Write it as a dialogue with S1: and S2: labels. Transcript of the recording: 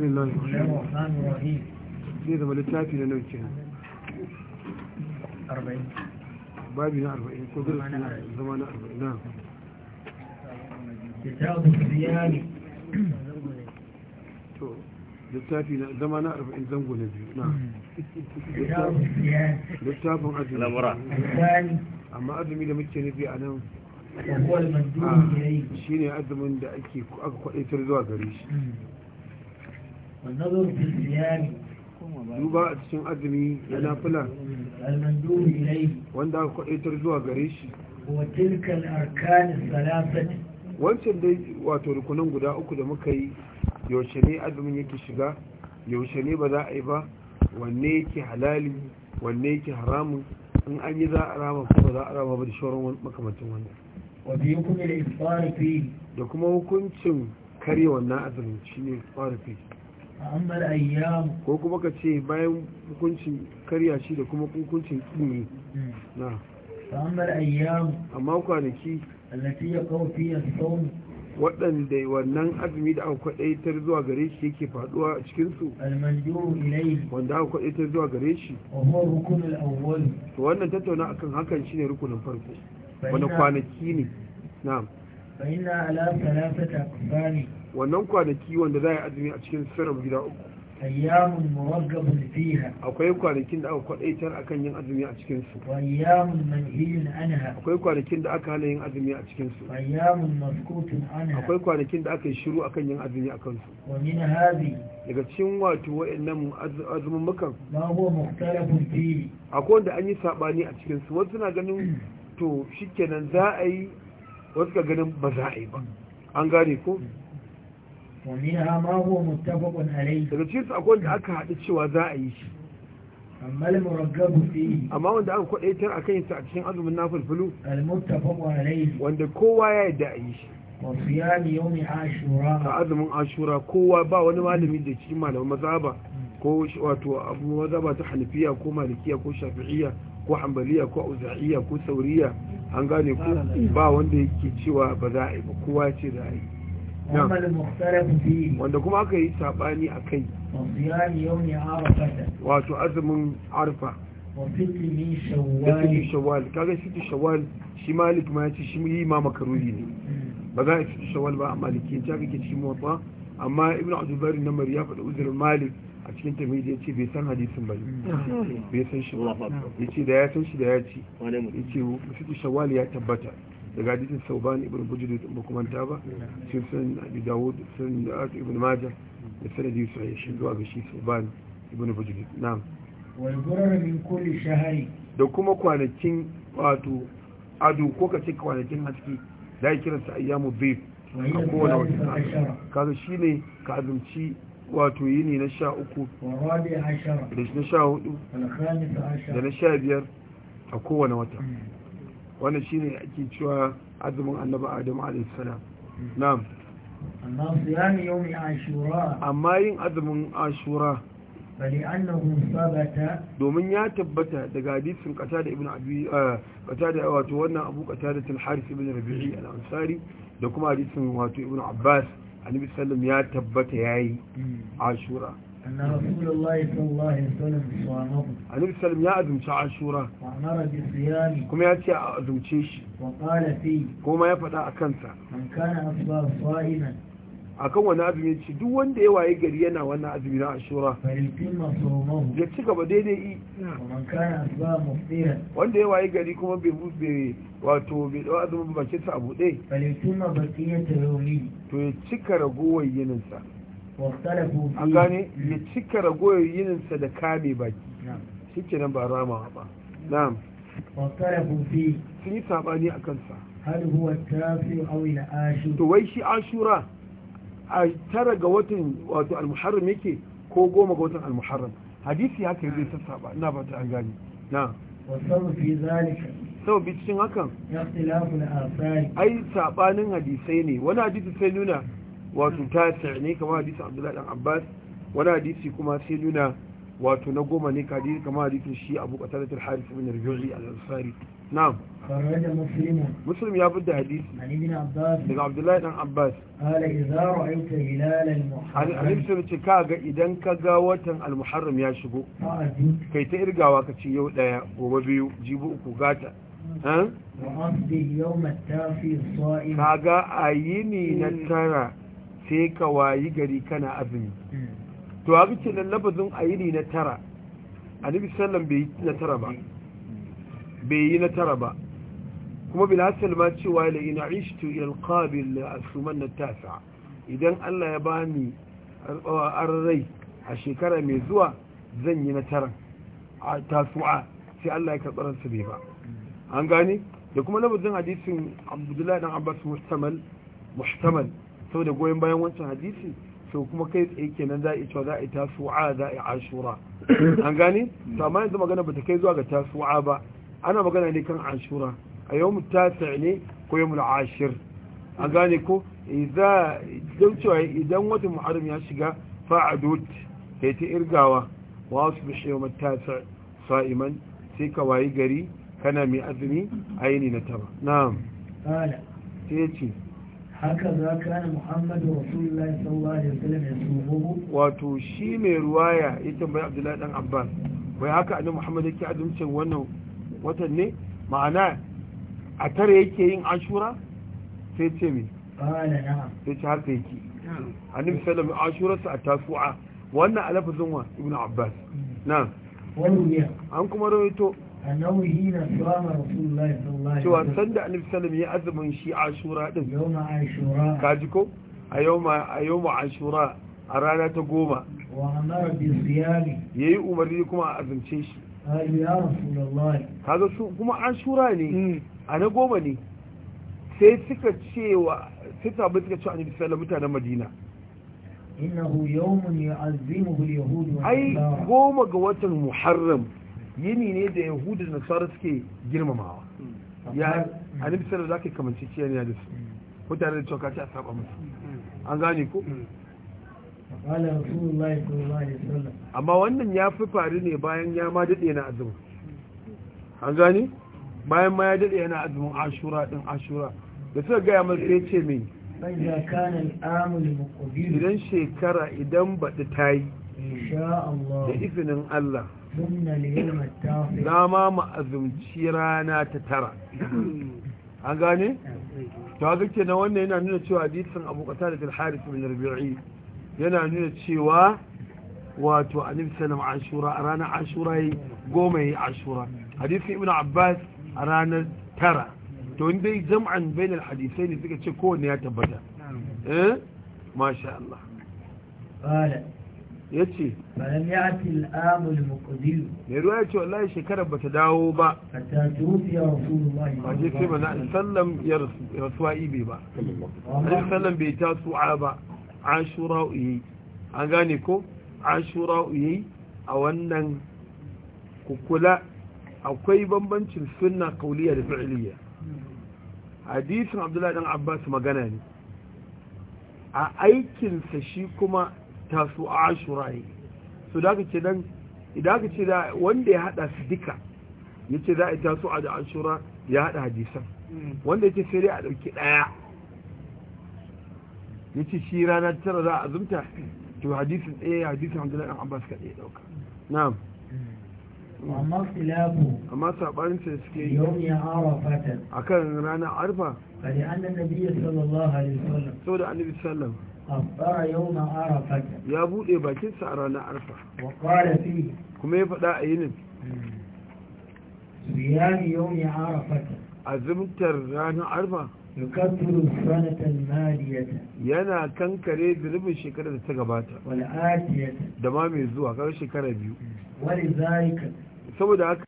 S1: بسم الله الرحمن الرحيم لذا ولتلاتي لنوي كهن أربعين بابنا أربعين قدرتنا زمان أربعين نعم كتاب الزيان littafi na zama na arba'in zango na biyu na littafin azumi amma azumi da muke nufi a nan shi ne azumin da ake aka kwadaitar zuwa gare shi والنظر في الصيام duba a cikin azumi na nafila wanda aka kwaitar zuwa gare shi wancan dai wato rukunin guda uku da muka yi yaushe ne azumin yake shiga yaushe ne ba za a yi ba wanne yake halali wanne yake haramun in an za a rama ko ba za a rama ba da da kuma hukuncin kare wannan azumin shine ne ko kuma ka ce bayan hukuncin karya shi da kuma hukuncin kimi hmm. na amma kwanaki waɗanda wannan azumi da aka kwaɗaitar zuwa gare shi yake faɗuwa a cikinsu wanda aka kwaɗaitar zuwa gare shi wannan tattauna akan hakan shine rukunin farko wanda kwanaki ne na'am fa inna ala salasata aqsani wannan kwanaki wanda za a azumi a cikin sirrin gida uku ayyamun muwaggabun fiha akwai kwanakin da aka kwadaitar akan yin azumi a cikin su wa ayyamun manhiyun anha akwai kwanakin da aka hana yin azumi a cikin su ayyamun maskutun anha akwai kwanakin da aka yi shiru akan yin azumi akan su wa min hadhi daga cikin wato wayannan azumin makan ma huwa mukhtalafun fihi akwai wanda an yi sabani a cikin su wasu na ganin to shikenan za a yi wasu ka ganin ba za a yi ba an gane ko Wani alai? daga cikin su akwai wanda aka haɗu cewa za a yi shi amma wanda aka kwaɗaitar a kan a cikin azumin na fulfulu wanda kowa ya yi da a yi shi Wasu ashura. a azumin ashura kowa ba wani malami da cikin malamin maza ba ko wato abu ba ta hanifiya ko malikiya ko shafi'iya ko hambaliya ko auza'iya ko sauriya an gane ko ba wanda yake cewa ba za a yi ba kowa ce da a yi wanda kuma aka yi sabani a kai wato azumin arfa da shawal kaga siti shawal shi malik ma ya ce shi yi ma makaruri ne hmm. ba za a yi shawal ba a maliki ta kake cikin motsa amma ibn abdullahi na mariya faɗa uzurin malik a cikin tamidi ya ce bai san hadisin ba hmm. bai san shi ya ce da ya san shi da ya ci ya ce musulun shawali ya tabbata daga hadisin sauban ibn bujudu ba kuma ta ba sai sun abu dawud sun da aka ibn maja da sanadi su ya shi zuwa ga shi sauban ibn bujudu na wal gurar min kulli shahari da kuma kwanakin wato ado ko ka ce kwanakin haske da ya kiransa ayyamu bayt a kowane wata kaga shine ka azumci wato ne na sha uku da na sha hudu da na sha biyar a kowane wata hmm. wannan shine ake cewa azumin annaba adam alaihissalam na'am amma yin azumin ashura domin ya tabbata daga hadisin kata da ibn abi kata eh, da wato wannan abu kata da talharis ibn rabi'i al-ansari da kuma hadisin wato ibn abbas annabi sallam ya tabbata yayi hmm. ashura annabi sallam ya azumci ashura kuma ya ce a azumce shi kuma ya faɗa a kansa akan wani azumi ci duk wanda ya waye gari yana wannan azumi na ashura ya ci gaba daidai i wanda ya waye gari kuma bai bude wato bai dawa azumin bakin ta a buɗe to ya cika ragowar yininsa an gane ya cika ragowar yininsa da kame baki shi kenan ba ramawa ba na'am sun yi sabani a kansa awi na ashura To wai shi ashura a tara ga watan wato al yake ko goma ga watan almuharram hadisi haka zai sassaba ina ba ta an gani na wasu sau bi cikin hakan ai sabanin hadisai ne wani hadisi sai nuna wato tasir ne kamar hadisi abdullahi dan abbas wani hadisi kuma sai nuna wato na goma ne kaji kama hadisin shi abu qatadatul harith bin rabi'i al-ansari na'am kharaja muslim muslim ya fitar hadisi an ibn abbas daga Abdullahi dan abbas qala idza ra'aita hilal al-muharram an ibn ce kaga idan ka ga watan al-muharram ya shigo kai ta irgawa kace yau daya gobe biyu jibi uku gata kaga ayini na tara sai ka wayi gari kana azumi hmm. to a bice nan lafazin a ni na tara annabi sallan bai yi na tara ba bai yi na tara ba kuma bil hasal ma cewa la ina ishtu ila alqabil la tasa idan Allah ya bani uh, arrai a shekara mai zuwa zan yi na tara a tasu'a sai Allah ya karɓar su bai ba an gane da kuma lafazin hadisin Abdullahi dan Abbas mustamal saboda goyon bayan wancan hadisi so kuma kai tsaye kenan za a cewa za a yi tasu'a za a yi ashura an gani? to yanzu magana bata kai zuwa ga tasu'a ba ana magana ne kan ashura a yau mu tasa ne ko yau ashir an gani ko idan cewa idan wata ya shiga fa'adut kai ta irgawa wa su bishe yau tasi sa'iman sai ka wayi gari kana mai azumi aini na taba na'am yi ce hakaza kana muhammadu rasulullahi sallallahu alaihi wasallam yasumuhu wato shi mai ruwaya ita tambaya abdullahi dan abbas wai haka annabi muhammad yake azumcin wannan watan ne ma'ana a tare yake yin ashura sai ce me qala na'am sai ce haka yake annabi sallallahu alaihi ashura sa tasu'a wannan alafazin wa ibnu abbas mm. na'am an kuma rawaito cewa sanda annabi ya azumin shi ashura din yawma kaji ko a yawma a shura a rana ta goma wa amara umarni kuma a azumce shi kaga su kuma shura ne a na goma ne sai suka cewa sai suka cewa annabi sallallahu mutanen madina ai goma ga watan muharram yini ne da yahudu da nasara suke girmamawa hmm. ya annabi da zaka kamanci ciyar da su hmm. mutane da cewa a saba musu hmm. an gane ko amma wannan ya fi faru ne bayan ya ma daɗe na azumin an gane bayan ma ya daɗe yana azumin ashura ɗin ashura da suka gaya mai sai ce mai idan shekara idan baɗi ta yi da izinin Allah na ma ma'azumci rana ta tara an gane? ta ke na wannan yana nuna cewa hadisin abu kata da su bin rabi'i yana nuna cewa wato a nufsanin ashura a ranar ashura yi goma yi ashura hadisin ibn abbas a ranar tara to dai jam'an bayan hadisai ne suka ce kowane ya tabbata eh masha Allah ya ce bayan ya ati al'amul muqaddiru ne ruwa ya ce wallahi shekarar bata dawo ba ta tufi ya rasulullahi ba je sai mana sallam ya rasuwa ibe ba an sallam bai ta su'a ba ashura uyi an gane ko ashura uyi a wannan kukula akwai bambancin sunna kauliya da fi'liya hadisin abdullahi dan abbas magana ne a aikinsa shi kuma tasu ashura ne so da aka ce nan idan aka ce da wanda ya hada su duka ya ce za a tasu a da ashura ya hada hadisan wanda ya ce sai dai a ɗauki ɗaya ya ce shi ranar tara za a azumta to hadisin ɗaya hadisin hamdulan abbas ka ɗaya ɗauka na'am amma filabu amma suke yi yau ya hawa fatan kan rana arfa kare an nan sallallahu alaihi yau na ya bude bakin sa a ranar arfa kuma ya fada a yinin ziyari yau ya arafa azimtar arfa يكثر السنة المالية ينا كان كريد ذنب الشكرة تتقى باتا والآتية دمامي الزوء
S2: كان
S1: saboda haka